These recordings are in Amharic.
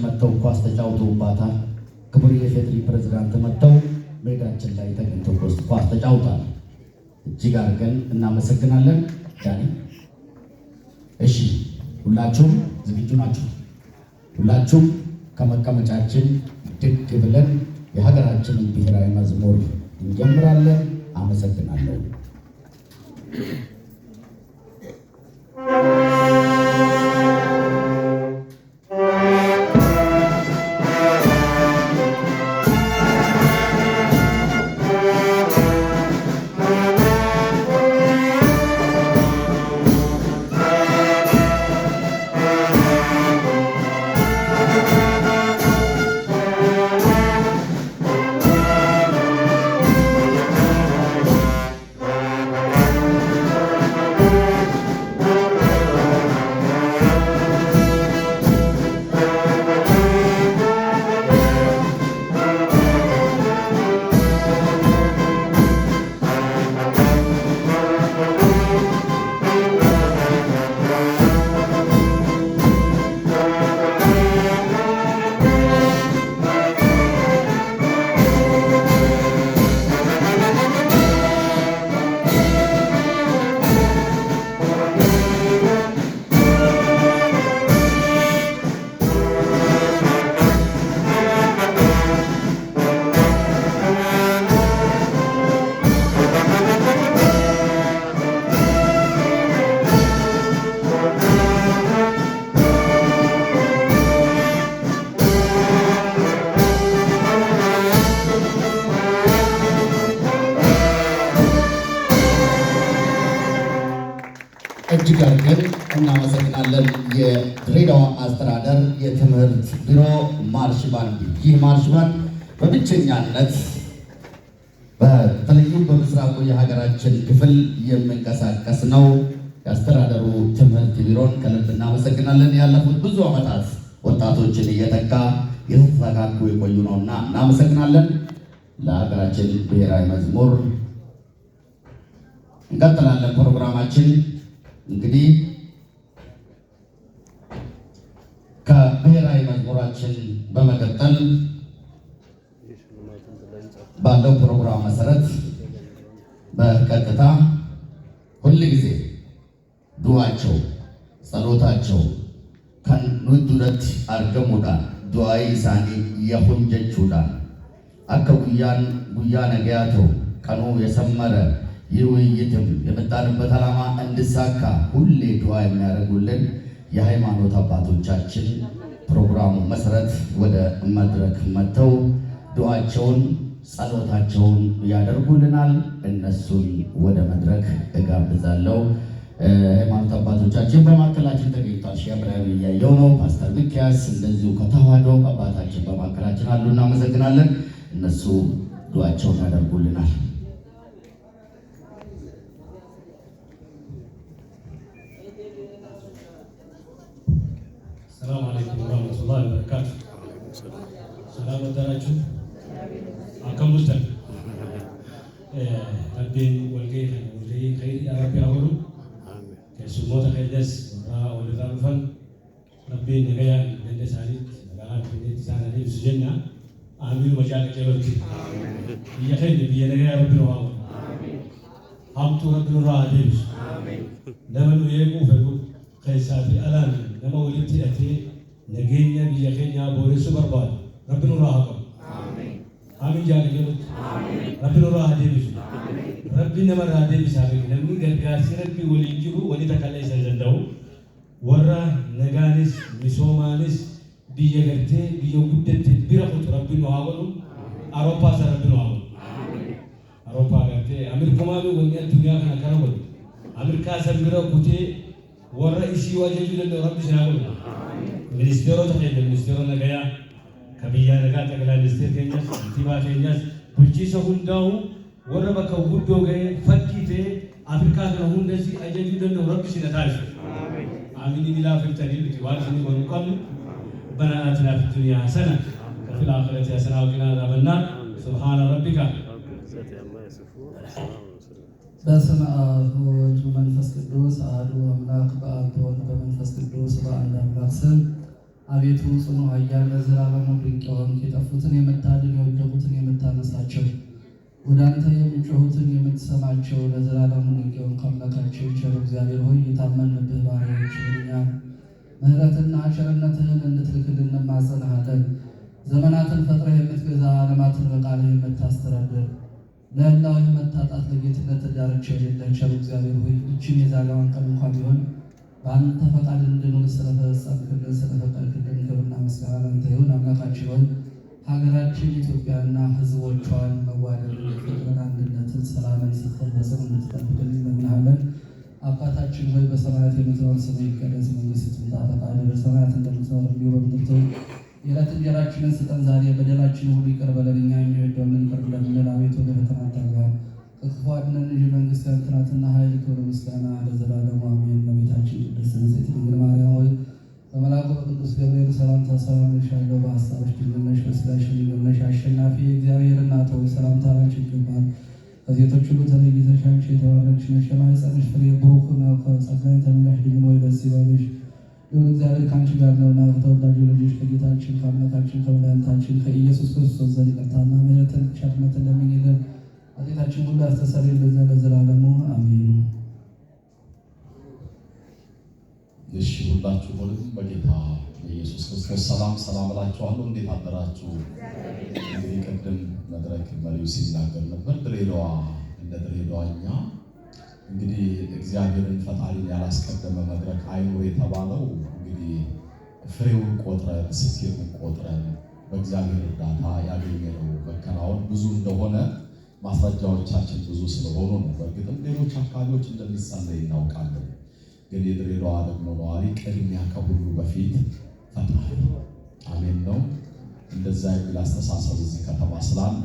መጥተው ኳስ ተጫውተውባታል። ክቡር የፌድሪ ፕሬዝዳንት መጥተው ሜዳችን ላይ ተገኝተው ውስጥ ኳስ ተጫውቷል እጅግ አድርገን እናመሰግናለን። ዳኒ እሺ፣ ሁላችሁም ዝግጁ ናችሁ? ሁላችሁም ከመቀመጫችን ድግ ብለን የሀገራችንን ብሔራዊ መዝሙር እንጀምራለን። አመሰግናለሁ። በእርግጠኛነት በተለይም በምስራቁ የሀገራችን ክፍል የምንቀሳቀስ ነው። የአስተዳደሩ ትምህርት ቢሮን ከልብ እናመሰግናለን። ያለፉት ብዙ ዓመታት ወጣቶችን እየተካ የተተካኩ የቆዩ ነውና እናመሰግናለን። ለሀገራችን ብሔራዊ መዝሙር እንቀጥላለን። ፕሮግራማችን እንግዲህ ከብሔራዊ መዝሙራችን በመቀጠል ባለው ፕሮግራም መሰረት በቀጥታ ሁል ጊዜ ዱዋቸው ጸሎታቸው ከኑዱረት አርገሙዳ ዱዋይ ሳኒ የሁን ጀቹዳ አከ ጉያን ጉያ ነገያቶ ቀኑ የሰመረ ይውይይትም የመጣንበት ዓላማ እንድሳካ ሁሌ ዱዋ የሚያደርጉልን የሃይማኖት አባቶቻችን ፕሮግራሙ መሰረት ወደ መድረክ መጥተው ዱዋቸውን ጸሎታቸውን ያደርጉልናል። እነሱን ወደ መድረክ እጋብዛለሁ። ሃይማኖት አባቶቻችን በማዕከላችን ተገኝቷል። ሸብራዊ እያየው ነው። ፓስተር ሚኪያስ እንደዚሁ ከተዋህዶ አባታችን በማዕከላችን አሉ። እናመሰግናለን። እነሱ ዱዋቸውን ያደርጉልናል። ሰላም አለይኩም ወራህመቱላሂ ወበረካቱ። ሰላም ወደራችሁ akambusta eh abdin walgay khan walgay khair ya rabbi awru kesumota khaidas ra wal zalfan rabbi nagaya dende salit daga dende tsana dib sujanna amin majal kebal ki ya khair bi nagaya rabbi awru amin hamtu rabbi ra dib amin damal yegu fadu kaisati alami nama walitti ate nagenya bi yakhenya bore subar bad rabbi ra አሜን ጃለ ገበት ረቢ ኖሮ አደብሽ ረቢ ነመራ አደብሽ አሜን ለምን ገርጋሲ ረቢ ወልጅሁ ወሊ ተከላይ ሰዘንደው ወራ ነጋንስ ሚሶማንስ ብየ ገርቴ ብየ ጉደቴ ቢረ ቁጥ ረቢ ነው አወሉ አውሮፓ ሰረቢ ነው አወሉ አውሮፓ ገርቴ አሜሪካማሉ ወኛ ዱንያ ከና ከረወል አሜሪካ ሰምረ ቁቴ ወራ እሺ ወጀጁ ለረቢ ሰናወሉ ሚኒስቴሮ ተከለ ሚኒስቴሮ ነገያ ከብያ ለጋ ጠቅላይ ሚኒስቴር ኬኛስ ከንቲባ ኬኛስ bulchiisa hundaa'u warra bakka guddoo ga'ee fakkii ta'ee Afrikaa kana hunda si ajajuu danda'u rabbi si na taasisu. Aamini ni laafiftanii miti waan isin godhu qabnu bana aatinaa fi duniyaa sana ka fil aakhirati hasanaa waqinaa adhaabannaa subhaana rabbika በስመ አብ ወወልድ ወመንፈስ ቅዱስ አሐዱ አምላክ በአብ በወልድ በመንፈስ ቅዱስ በአንድ አምላክ ስም አቤቱ ጽኑ ኃያል ለዘላለሙ ድንቅ የሆንክ የጠፉትን የምታድን የወደቁትን የምታነሳቸው ወደ አንተ የሚጮሁትን የምትሰማቸው ለዘላለሙ ድንቅ የሆንክ አምላካቸው ቸር እግዚአብሔር ሆይ የታመንብህ ባሪያዎች ምሕረትና ቸርነትህን እንድትልክልን እንማጸናሃለን። ዘመናትን ፈጥረህ የምትገዛ ዓለማትን በቃልህ የምታስተዳድር መታጣት ለጌትነት ዳርቻ የሌለህ ቸር እግዚአብሔር ሆይ እችን የዛሬዋን ቀን እንኳ ቢሆን በአንተ ፈቃድ እንድኖር ስለፈጸምክልን ስለፈቀድክልን ክብርና ምስጋና ላንተ ይሁን። አምላካችን ሀገራችን ኢትዮጵያና ሕዝቦቿን መዋደድን፣ ፍቅርን፣ አንድነትን፣ ሰላምን ስፍር በሰው እንድትጠብቅልን እንለምንሃለን። አባታችን ሆይ በሰማያት የምትኖር ስምህ ይቀደስ፣ መንግስትህ ትምጣ፣ ፈቃድህ በሰማያት እንደምትኖር እንዲሁ በምድር ትሁን። የዕለት እንጀራችንን ስጠን ዛሬ፣ በደላችን ሁሉ ይቅር በለን እኛ የሚወደውን ይቅር እንደምንል፣ አቤቱ ወደ ፈተና አታግባን፣ ከክፉ አድነን እንጂ መንግሥት ያንተ ኃይል፣ ክብር፣ ምስጋና ለዘላለሙ አሜን። ቅድስት ድንግል ማርያም ሆይ በመልአኩ በቅዱስ ገብርኤል ሰላምታ ሰላም ይሻለሁ። በሀሳቦች ድንግል ነሽ፣ በሥጋሽ ድንግል ነሽ። አሸናፊ እግዚአብሔር እናት ሆይ ሰላምታ ላንቺ ይገባል። ከሴቶች ሁሉ ተለይተሽ አንቺ የተባረክሽ ነሽ፣ የማኅፀንሽ ፍሬ ብሩክ ነው። ጸጋን የተመላሽ ድንግል ሆይ ደስ ይበልሽ፣ ይሁን እግዚአብሔር ከአንቺ ጋር ነውና፣ ከተወዳጁ ልጅሽ ከጌታችን ከአምላካችን ከመድኃኒታችን ከኢየሱስ ክርስቶስ ዘንድ ይቅርታና ምሕረትን ቸርነትን ለምኝልን ኃጢአታችን ሁሉ አስተሰርይልን ዘንድ ለዘላለሙ አሜን። እሺ ሁላችሁንም በጌታ በኢየሱስ ክርስቶስ ሰላም ሰላም እላችኋለሁ። እንዴት አደራችሁ? እንግዲህ ቅድም መድረክ መሪው ሲናገር ነበር። ድሬዳዋ እንደ ድሬዳዋኛ እንግዲህ እግዚአብሔርን ፈጣሪን ያላስቀደመ መድረክ አይኖር የተባለው እንግዲህ ፍሬውን ቆጥረን ስኬቱን ቆጥረን በእግዚአብሔር እርዳታ ያገኘነው መከናወን ብዙ እንደሆነ ማስረጃዎቻችን ብዙ ስለሆኑ ነው። በእርግጥም ሌሎች አካባቢዎች እንደሚሳለ እናውቃለን። ግን የድሬዳዋ ደግሞ ነዋሪ ቅድሚያ ከሁሉ በፊት ፈጣሪ አሜን ነው። እንደዛ የሚል አስተሳሰብ እዚህ ከተማ ስላለ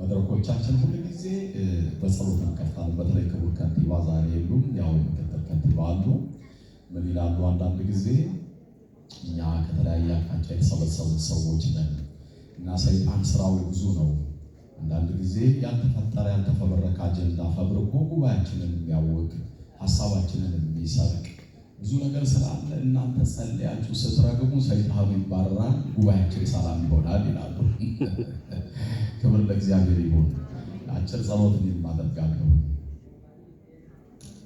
መድረኮቻችን ሁሉ ጊዜ በጸሎት እንከፍታለን። በተለይ ክቡር ከንቲባ ዛሬ የሉም፣ ያው ምክትል ከንቲባ አሉ። ምን ይላሉ? አንዳንድ ጊዜ እኛ ከተለያየ አቅጣጫ የተሰበሰቡት ሰዎች ነን እና ሰይጣን ስራው ብዙ ነው። አንዳንድ ጊዜ ያልተፈጠረ ያልተፈበረከ አጀንዳ ፈብርኮ ጉባኤያችንን የሚያወቅ ሀሳባችንን የሚሰርቅ ብዙ ነገር ስላለ እናንተ ጸልያችሁ ስትረግሙ ሰይጣን ይባረራል፣ ጉባኤያችን ሰላም ይሆናል ይላሉ። ክብር ለእግዚአብሔር ይሁን። አጭር ጸሎት የማደርጋለሁ።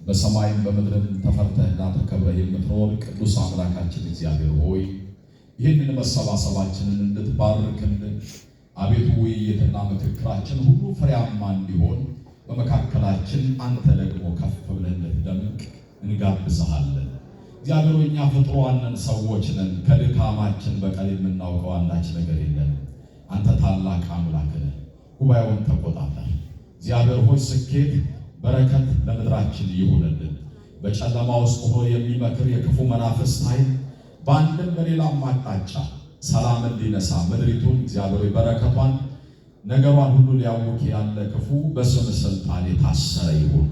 በሰማይም በምድርም ተፈርተህና ተከብረህ የምትኖር ቅዱስ አምላካችን እግዚአብሔር ሆይ ይህንን መሰባሰባችንን እንድትባርክልን አቤቱ ውይይትና ምክክራችን ሁሉ ፍሬያማ እንዲሆን በመካከላችን አንተ ደግሞ ከፍ ብለህ እንድትደምቅ እንጋብዝሃለን። እግዚአብሔር እኛ ፍጡራን ሰዎች ነን። ከድካማችን በቀር የምናውቀው አንዳች ነገር የለን። አንተ ታላቅ አምላክ ነህ። ጉባኤውን ተቆጣጠር። እግዚአብሔር ሆይ ስኬት፣ በረከት ለምድራችን ይሁንልን። በጨለማ ውስጥ ሆኖ የሚመክር የክፉ መናፈስ ኃይል በአንድም በሌላም አቅጣጫ ሰላምን ሊነሳ ምድሪቱን እግዚአብሔር በረከቷን ነገሯን ሁሉ ሊያውክ ያለ ክፉ በስም ስልጣን የታሰረ ይሁን።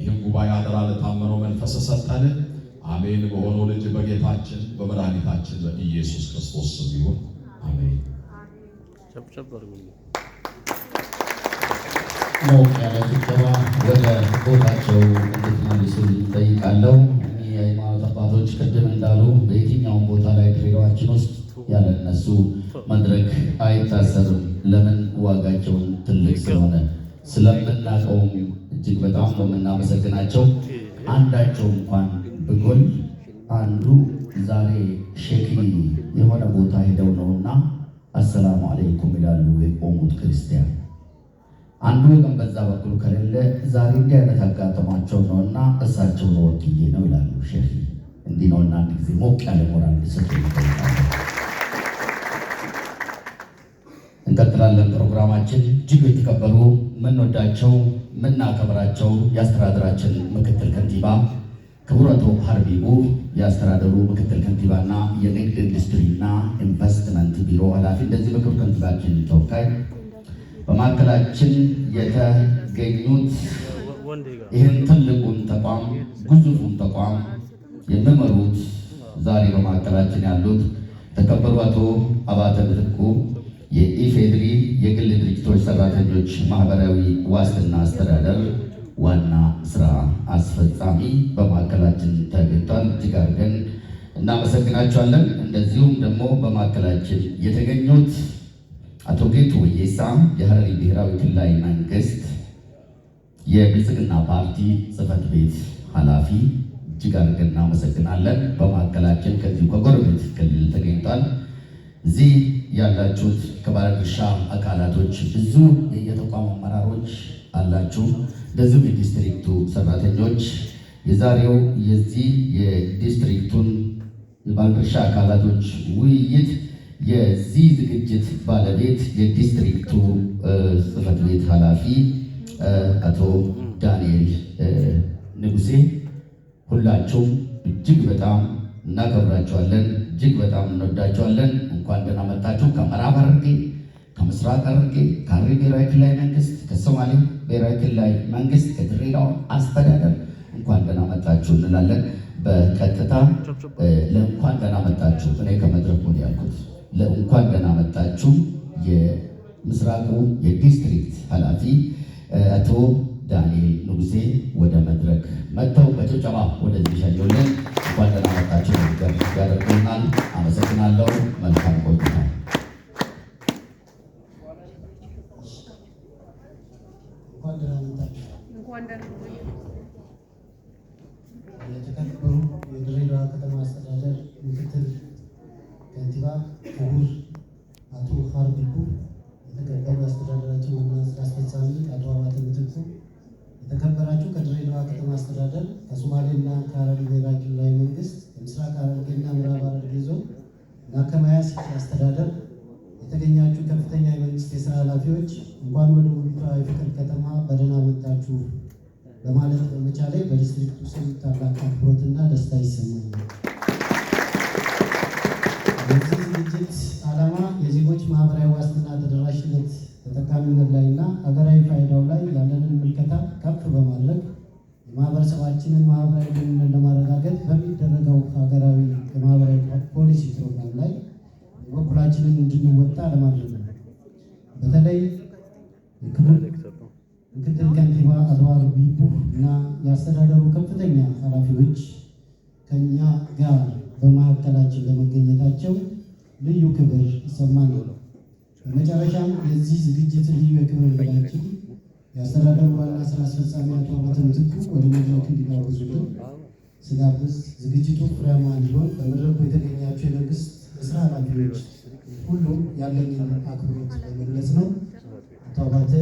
ይህም ጉባኤ አደራ ለታመነው መንፈስ ሰጠን። አሜን። በሆነው ልጅ በጌታችን በመድኃኒታችን በኢየሱስ ክርስቶስ ስም ይሁን። አሜን። ሞቅ ያለ ጭብጨባ ወደ ቦታቸው እንድትመልሱ እንጠይቃለሁ። እኒህ የሃይማኖት አባቶች ቅድም እንዳሉ በየትኛውም ቦታ ላይ ድሬዳዋችን ውስጥ ያለ እነሱ መድረክ አይታሰርም። ለምን ዋጋቸውን ትልቅ ስለሆነ ስለምናቀውም እጅግ በጣም በምናመሰግናቸው አንዳቸው እንኳን ብጎል አንዱ ዛሬ ሼክሊ የሆነ ቦታ ሄደው ነውና አሰላሙ አለይኩም ይላሉ የቆሙት ክርስቲያን። አንዱ ግን በዛ በኩል ከሌለ ዛሬ እንዲህ አይነት አጋጥሟቸው ነው እና እሳቸውን ወክዬ ነው ይላሉ ሼክሊ። እንዲህ ነው እና አንድ ጊዜ ሞቅ ያለ ሞራል ሰጡ ይጠይቃለ እንቀጥላለን ፕሮግራማችን። እጅግ የተከበሩ የምንወዳቸው የምናከብራቸው የአስተዳደራችን ምክትል ከንቲባ አቶ ሀርቢቡ የአስተዳደሩ ምክትል ከንቲባና የንግድ ኢንዱስትሪና ኢንቨስትመንት ቢሮ ኃላፊ እንደዚህ ምክር ከንቲባችን ተወካይ በማዕከላችን የተገኙት ይህን ትልቁን ተቋም ግዙፉን ተቋም የሚመሩት ዛሬ በማዕከላችን ያሉት ተከበሩ አቶ አባተ ምትኩ የኢፌድሪ የግል ድርጅቶች ሰራተኞች ማህበራዊ ዋስትና አስተዳደር ዋና ስራ አስፈጻሚ በማዕከላችን ተገኝቷል። እጅግ አድርገን እናመሰግናቸዋለን። እንደዚሁም ደግሞ በማዕከላችን የተገኙት አቶ ጌቱ ወየሳ የሀረሪ ብሔራዊ ክልላዊ መንግስት የብልጽግና ፓርቲ ጽህፈት ቤት ኃላፊ እጅግ አድርገን እናመሰግናለን። በማዕከላችን ከዚሁ ከጎረቤት ክልል ተገኝቷል። እዚህ ያላችሁት ከባለድርሻ አካላቶች ብዙ የተቋም አመራሮች አላችሁ፣ እንደዚሁም የዲስትሪክቱ ሰራተኞች የዛሬው የዚህ የዲስትሪክቱን የባለድርሻ አካላቶች ውይይት የዚህ ዝግጅት ባለቤት የዲስትሪክቱ ጽሕፈት ቤት ኃላፊ አቶ ዳንኤል ንጉሴ ሁላችሁም እጅግ በጣም እናከብራችኋለን። እጅግ በጣም እንወዳቸዋለን። እንኳን ደህና መጣችሁ። ከምዕራብ ሐረርጌ፣ ከምስራቅ ሐረርጌ፣ ከሐረሪ ብሔራዊ ክልላዊ መንግስት፣ ከሶማሌ ብሔራዊ ክልላዊ መንግስት፣ ከድሬዳዋ አስተዳደር እንኳን ደህና መጣችሁ እንላለን። በቀጥታ ለእንኳን ደህና መጣችሁ እኔ ከመድረኩ ያልኩት። ለእንኳን ደህና መጣችሁ የምስራቁ የዲስትሪክት ኃላፊ አቶ ዳንኤል ንጉሴ ወደ መድረክ መጥተው በጭብጨባ ወደዚህ ሸኙልን። እንኳን ደህና መጣችሁ ያደርጉልናል። አመሰግናለሁ። መልካም ቆይታ የተከበሩ የድሬዳዋ ከተማ አስተዳደር ምክትል ከንቲባ ምሁር ውቢቷ የፍቅር ከተማ በደህና መጣችሁ በማለት በመቻሌ በዲስትሪክቱ ስም ታላቅ አክብሮትና ደስታ ይሰማኛል። በዚህ ዝግጅት ዓላማ የዜጎች ማህበራዊ ዋስትና ተደራሽነት ተጠቃሚነት ላይ እና ሀገራዊ ፋይዳው ላይ ያለንን ምልከታ ከፍ በማድረግ የማህበረሰባችንን ማህበራዊ ግንኙነት ለማረጋገጥ በሚደረገው ሀገራዊ የማህበራዊ ፖሊሲ ፕሮግራም ላይ የበኩላችንን እንድንወጣ ለማድረግ ነው። በተለይ ምክትል ከንቲባ አቶ አርቢቦ እና የአስተዳደሩ ከፍተኛ ኃላፊዎች ከኛ ጋር በመካከላችን ለመገኘታቸው ልዩ ክብር ይሰማናል። በመጨረሻም የዚህ ዝግጅት ልዩ የክብር እንግዳችን የአስተዳደሩ ዋና ስራ አስፈጻሚ አቶ አባተ ምትኩ ወደ መድረኩ እንዲጋብዙልን ስጋብዝ ዝግጅቱ ፍሬያማ እንዲሆን በመድረኩ የተገኛቸው የመንግስት የስራ ኃላፊዎች ሁሉም ያለኝን አክብሮት ለመግለጽ ነው። ታባተ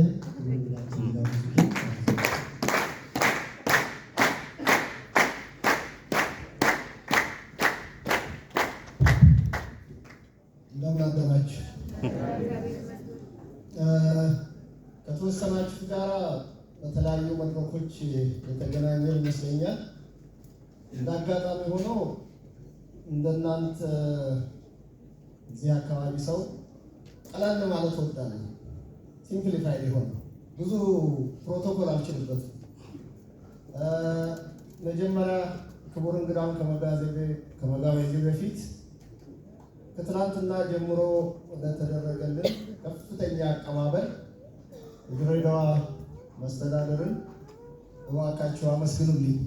እንደምን አደራችሁ። ከተወሰናችሁ ጋር በተለያዩ መድረኮች የተገናኘ ይመስለኛል። እንደ አጋጣሚ ሆኖ እንደናንተ እዚህ አካባቢ ሰው ቀላል ማለት ወዳለኝ ሲምፕሊፋይ ሊሆን ነው። ብዙ ፕሮቶኮል አልችልበትም። መጀመሪያ ክቡር እንግዳውን ከመጋበዜ በፊት ከትናንትና ጀምሮ እንደተደረገልን ከፍተኛ አቀባበል የድሬዳዋ መስተዳደርን እባካችሁ አመስግኑልኝ።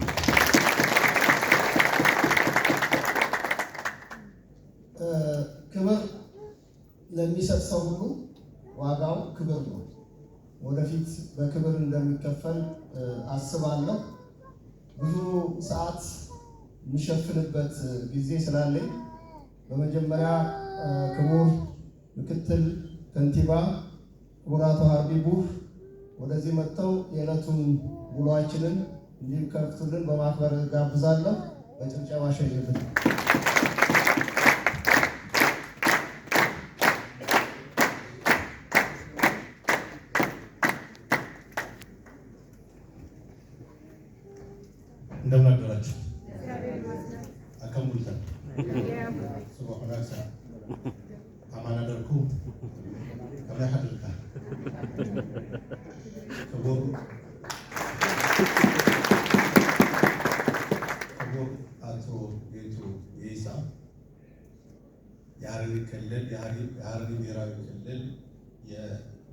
ክብር ለሚሰጥ ሰው ሁሉ ዋጋው ክብር ነው። ወደፊት በክብር እንደሚከፈል አስባለሁ። ብዙ ሰዓት የሚሸፍንበት ጊዜ ስላለኝ በመጀመሪያ ክቡር ምክትል ከንቲባ ክቡር አቶ ወደዚህ መጥተው የዕለቱን ውሏችንን እንዲከፍቱልን በማክበር ጋብዛለሁ። በጭብጨባ ሸኝልን።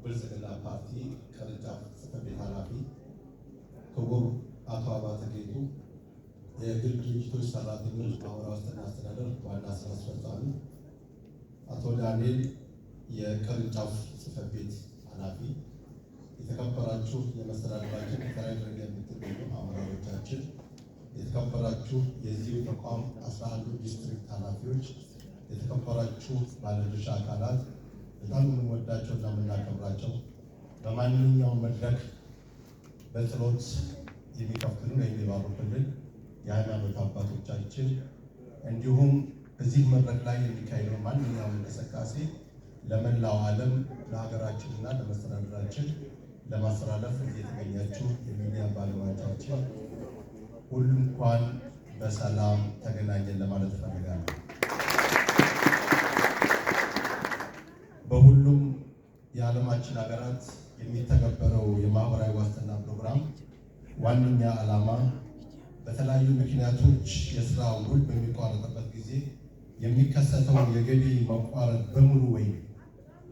ብልጽግና ፓርቲ ቅርንጫፍ ጽሕፈት ቤት ኃላፊ ክቡር አቶ አባተ ጌቱ፣ የግል ድርጅቶች ሰራተኞች ማህበራዊ ዋስትና አስተዳደር ዋና ስራ አስፈጻሚ አቶ ዳንኤል፣ የቅርንጫፍ ጽሕፈት ቤት ኃላፊ፣ የተከበራችሁ የመስተዳድራችን ከተለያዩ ደረጃ የምትገኙ አመራሮቻችን፣ የተከበራችሁ የዚሁ ተቋም አስራ አንዱ ዲስትሪክት ኃላፊዎች፣ የተከበራችሁ ባለድርሻ አካላት በጣም የምንወዳቸው እና የምናከብራቸው በማንኛውም መድረክ በጥሎት የሚከፍቱልን ወይም የሚባርኩልን የሃይማኖት አባቶቻችን እንዲሁም እዚህ መድረክ ላይ የሚካሄደው ማንኛውም እንቅስቃሴ ለመላው ዓለም እና ለመስተዳደራችን ለማስተላለፍ እየተገኛችሁ የሚዲያ ባለሙያዎቻችን ሁሉ እንኳን በሰላም ተገናኘን ለማለት እፈልጋለሁ። በሁሉም የዓለማችን ሀገራት የሚተገበረው የማህበራዊ ዋስትና ፕሮግራም ዋነኛ ዓላማ በተለያዩ ምክንያቶች የስራ ውል በሚቋረጥበት ጊዜ የሚከሰተውን የገቢ መቋረጥ በሙሉ ወይም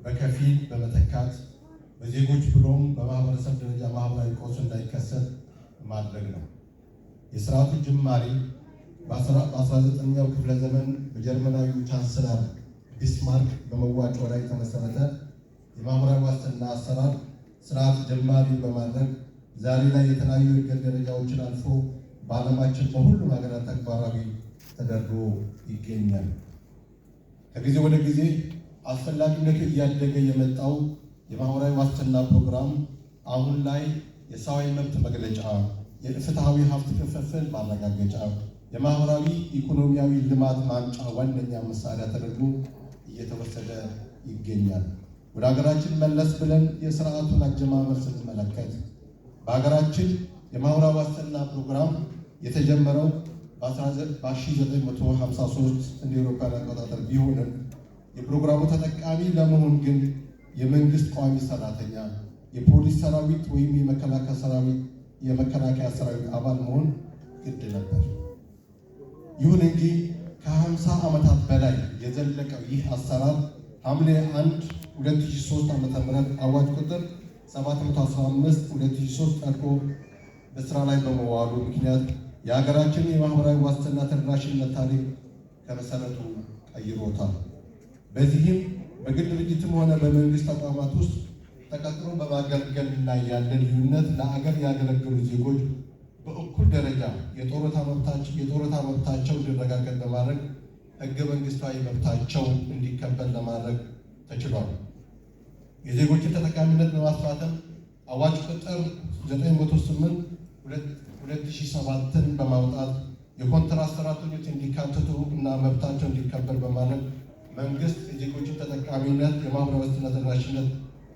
በከፊል በመተካት በዜጎች ብሎም በማህበረሰብ ደረጃ ማህበራዊ ቀውስ እንዳይከሰት ማድረግ ነው። የስርዓቱ ጅማሬ በ19ኛው ክፍለ ዘመን በጀርመናዊ ቻንስለር ቢስማርክ በመዋጮ ላይ የተመሰረተ የማህበራዊ ዋስትና አሰራር ስርዓት ጀማሪ በማድረግ ዛሬ ላይ የተለያዩ የእድገት ደረጃዎችን አልፎ በዓለማችን በሁሉም ሀገራት ተግባራዊ ተደርጎ ይገኛል። ከጊዜ ወደ ጊዜ አስፈላጊነቱ እያደገ የመጣው የማህበራዊ ዋስትና ፕሮግራም አሁን ላይ የሰብአዊ መብት መግለጫ፣ የፍትሐዊ ሀብት ክፍፍል ማረጋገጫ፣ የማህበራዊ ኢኮኖሚያዊ ልማት ማምጫ ዋነኛ መሳሪያ ተደርጎ እየተወሰደ ይገኛል። ወደ ሀገራችን መለስ ብለን የስርዓቱን አጀማመር ስንመለከት በሀገራችን የማህበራዊ ዋስትና ፕሮግራም የተጀመረው በ1953 እንደ አውሮፓውያን አቆጣጠር ቢሆንም የፕሮግራሙ ተጠቃሚ ለመሆን ግን የመንግስት ቋሚ ሰራተኛ፣ የፖሊስ ሰራዊት ወይም የመከላከያ ሰራዊት የመከላከያ ሰራዊት አባል መሆን ግድ ነበር። ይሁን እንጂ ከሃምሳ ዓመታት በላይ የዘለቀው ይህ አሰራር ሐምሌ 1 2003 ዓ.ም አዋጅ ቁጥር 715 2003 ጠርቆ በስራ ላይ በመዋሉ ምክንያት የሀገራችን የማህበራዊ ዋስትና ተደራሽነት ታሪክ ከመሰረቱ ቀይሮታል። በዚህም በግል ድርጅትም ሆነ በመንግስት ተቋማት ውስጥ ተቀጥሮ በማገልገል ላይ ያለ ልዩነት ለአገር ያገለገሉ ዜጎች በእኩል ደረጃ የጦረታ መብታቸው እንዲረጋገጥ በማድረግ ህገ መንግስታዊ መብታቸው እንዲከበር ለማድረግ ተችሏል። የዜጎችን ተጠቃሚነት ለማስፋትም አዋጅ ቁጥር 908 2007ን በማውጣት የኮንትራ ሰራተኞች እንዲካተቱ እና መብታቸው እንዲከበር በማድረግ መንግስት የዜጎችን ተጠቃሚነት የማህበረ ተደራሽነት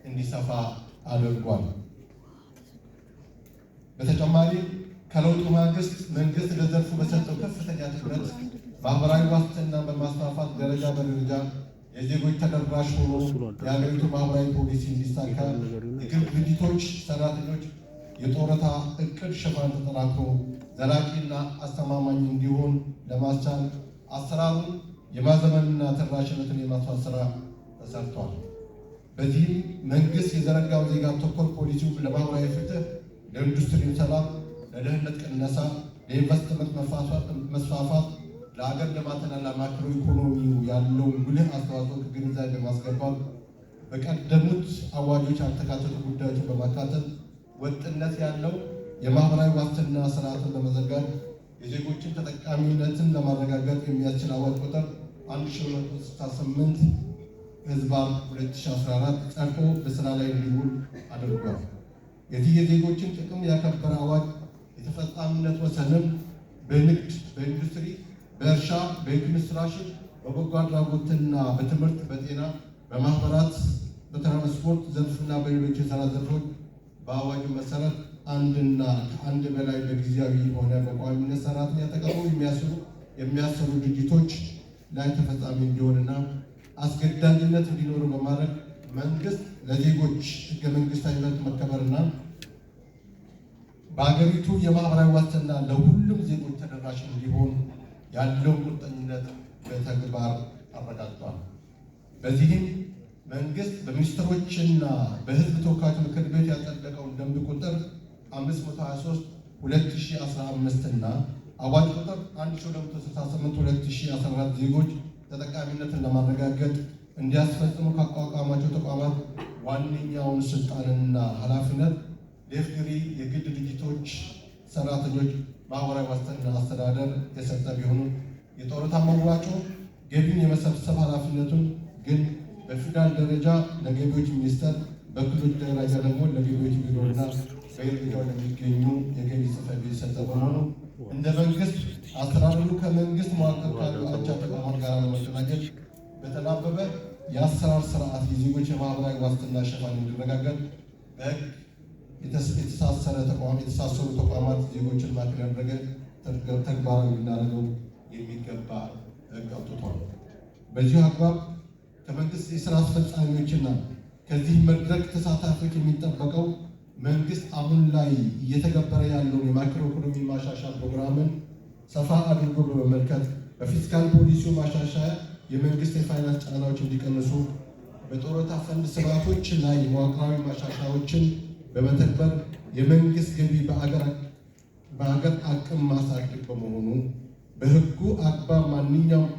እንዲሰፋ አድርጓል። በተጨማሪ ከለውጡ ማግስት መንግስት ለዘርፉ በሰጠው ከፍተኛ ትኩረት ማህበራዊ ዋስትና በማስፋፋት ደረጃ በደረጃ የዜጎች ተደራሽ ሆኖ የሀገሪቱ ማህበራዊ ፖሊሲ እንዲሳካ የግል ድርጅቶች፣ ሰራተኞች የጡረታ እቅድ ሽፋን ተጠናክሮ ዘላቂና አስተማማኝ እንዲሆን ለማስቻል አሰራሩን የማዘመንና ተደራሽነትን የማስፋት ስራ ተሰርቷል። በዚህም መንግስት የዘረጋው ዜጋ ተኮር ፖሊሲው ለማህበራዊ ፍትህ፣ ለኢንዱስትሪ ሰላም ለድህነት ቅነሳ፣ ለኢንቨስትመንት መስፋፋት፣ ለሀገር ልማትና ለማክሮ ኢኮኖሚው ያለውን ጉልህ አስተዋጽኦ ከግንዛቤ በማስገባት በቀደሙት አዋጆች ያልተካተቱ ጉዳዮችን በማካተት ወጥነት ያለው የማህበራዊ ዋስትና ስርዓትን በመዘርጋት የዜጎችን ተጠቃሚነትን ለማረጋገጥ የሚያስችል አዋጅ ቁጥር 1168 ህዝባር 2014 ጸድቆ በስራ ላይ እንዲውል አድርጓል። የዚህ የዜጎችን ጥቅም ያከበረ አዋጅ ተፈጻሚነት ወሰንም በንግድ፣ በኢንዱስትሪ፣ በእርሻ፣ በኮንስትራክሽን፣ በበጎ አድራጎትና በትምህርት፣ በጤና፣ በማህበራት፣ በትራንስፖርት ዘርፍና በሌሎች የሰራ ዘርፎች በአዋጅ መሰረት አንድና ከአንድ በላይ በጊዜያዊ ሆነ በቋሚነት ሰራትን ተቀጥረው የሚያስሩ የሚያሰሩ ድርጅቶች ላይ ተፈጻሚ እንዲሆንና አስገዳጅነት እንዲኖሩ በማድረግ መንግስት ለዜጎች ህገ መንግስታዊ መብት መከበርና በሀገሪቱ የማህበራዊ ዋስትና ለሁሉም ዜጎች ተደራሽ እንዲሆን ያለው ቁርጠኝነት በተግባር አረጋግጧል። በዚህም መንግስት በሚኒስትሮችና በህዝብ ተወካዮች ምክር ቤት ያጸደቀውን ደንብ ቁጥር 523 2015 እና አዋጅ ቁጥር 1268 2014 ዜጎች ተጠቃሚነትን ለማረጋገጥ እንዲያስፈጽሙ ካቋቋማቸው ተቋማት ዋነኛውን ስልጣንና ኃላፊነት ሌፍሪ የግል ድርጅቶች ሰራተኞች ማህበራዊ ዋስትና አስተዳደር የሰጠ ቢሆኑም የጡረታ መዋጮ ገቢን የመሰብሰብ ኃላፊነቱን ግን በፌዴራል ደረጃ ለገቢዎች ሚኒስቴር፣ በክልሎች ደረጃ ደግሞ ለገቢዎች ቢሮና በየደረጃው ለሚገኙ የገቢ ጽሕፈት ቤት የሰጠ በመሆኑ እንደ መንግስት አስተዳደሩ ከመንግስት መዋቅር ካሉ አቻ ተቋማት ጋር ለመደራጀት በተናበበ የአሰራር ስርዓት የዜጎች የማህበራዊ ዋስትና ሽፋን እንዲረጋገጥ በህግ የተሳሰረ ተቋም የተሳሰሩ ተቋማት ዜጎችን ማዕከል ያደረገ ተግባራዊ ልናደርገው የሚገባ ህግ አውጥቷል። በዚሁ አግባብ ከመንግስት የስራ አስፈጻሚዎችና ከዚህ መድረክ ተሳታፊዎች የሚጠበቀው መንግስት አሁን ላይ እየተገበረ ያለውን የማክሮ ኢኮኖሚ ማሻሻያ ፕሮግራምን ሰፋ አድርጎ በመመልከት በፊስካል ፖሊሲው ማሻሻያ የመንግስት የፋይናንስ ጫናዎች እንዲቀንሱ በጡረታ ፈንድ ስርዓቶች ላይ መዋቅራዊ ማሻሻያዎችን በመተግበር የመንግስት ገቢ በሀገር አቅም ማሳደግ በመሆኑ በህጉ አግባብ ማንኛውም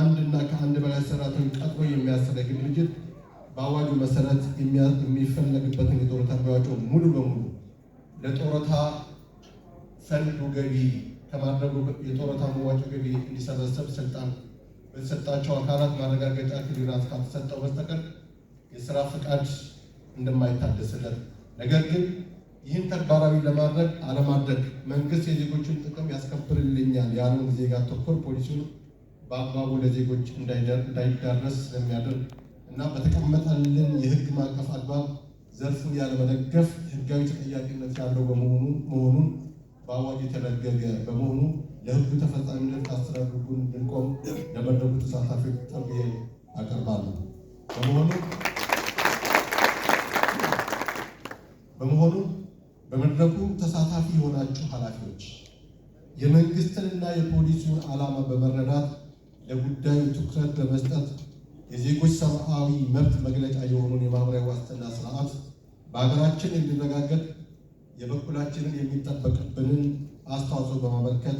አንድና ከአንድ በላይ ሰራተኞች ቀጥሮ የሚያስተዳድር ድርጅት በአዋጁ መሰረት የሚፈለግበትን የጡረታ መዋጮ ሙሉ በሙሉ ለጡረታ ሰነዱ ገቢ ከማድረጉ የጡረታ መዋጮ ገቢ እንዲሰበሰብ ስልጣን በተሰጣቸው አካላት ማረጋገጫ ክሊራንስ ካልተሰጠው በስተቀር የስራ ፈቃድ እንደማይታደስለት ነገር ግን ይህን ተግባራዊ ለማድረግ አለማድረግ መንግስት የዜጎችን ጥቅም ያስከብርልኛል ያለውን ዜጋ ተኮር ፖሊሲውን በአግባቡ ለዜጎች እንዳይዳረስ ስለሚያደርግ እና በተቀመጠልን የህግ ማዕቀፍ አግባብ ዘርፉን ያለመደገፍ ህጋዊ ተጠያቂነት ያለው በመሆኑ መሆኑን በአዋጅ የተደገገ በመሆኑ ለህጉ ተፈጻሚነት አስተዳደሩን እንድንቆም ለመድረጉ ተሳታፊ ጥሪ አቀርባለሁ። በመሆኑ በመሆኑ በመድረኩ ተሳታፊ የሆናችሁ ኃላፊዎች የመንግስትንና የፖሊሱን ዓላማ በመረዳት ለጉዳዩ ትኩረት በመስጠት የዜጎች ሰብአዊ መብት መግለጫ የሆኑን የማህበራዊ ዋስትና ስርዓት በሀገራችን እንዲረጋገጥ የበኩላችንን የሚጠበቅብንን አስተዋጽኦ በማበርከት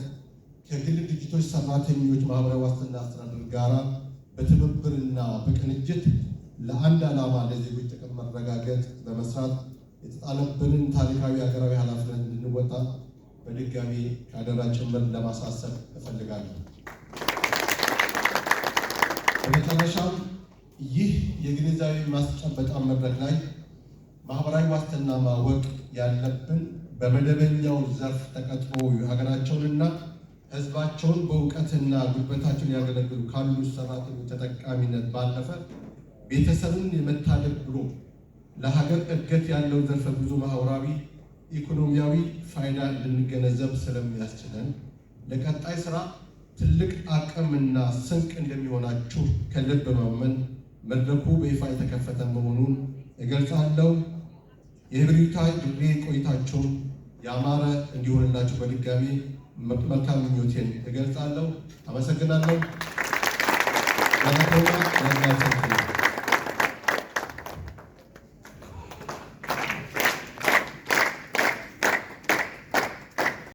ከግል ድርጅቶች ሰራተኞች ማህበራዊ ዋስትና አስተዳደር ጋራ በትብብርና በቅንጅት ለአንድ ዓላማ ለዜጎች ጥቅም መረጋገጥ በመስራት የተጣለብንን ታሪካዊ ሀገራዊ ኃላፊነት እንድንወጣ በድጋሚ ከአደራ ጭምር ለማሳሰብ እፈልጋለሁ። በመጨረሻም ይህ የግንዛቤ ማስጨበጫ መድረክ ላይ ማህበራዊ ዋስትና ማወቅ ያለብን በመደበኛው ዘርፍ ተቀጥሮ ሀገራቸውንና ሕዝባቸውን በእውቀትና ጉልበታቸውን ያገለግሉ ካሉ ሰራተኞች ተጠቃሚነት ባለፈ ቤተሰብን የመታደግ ብሎ ለሀገር እድገት ያለው ዘርፈ ብዙ ማህበራዊ፣ ኢኮኖሚያዊ ፋይዳ ልንገነዘብ ስለሚያስችለን ለቀጣይ ስራ ትልቅ አቅምና ስንቅ እንደሚሆናችሁ ከልብ በማመን መድረኩ በይፋ የተከፈተ መሆኑን እገልጻለሁ። የህብሪታ ድሬ ቆይታችሁን ያማረ እንዲሆንላችሁ በድጋሚ መልካም ምኞቴን እገልጻለሁ። አመሰግናለሁ።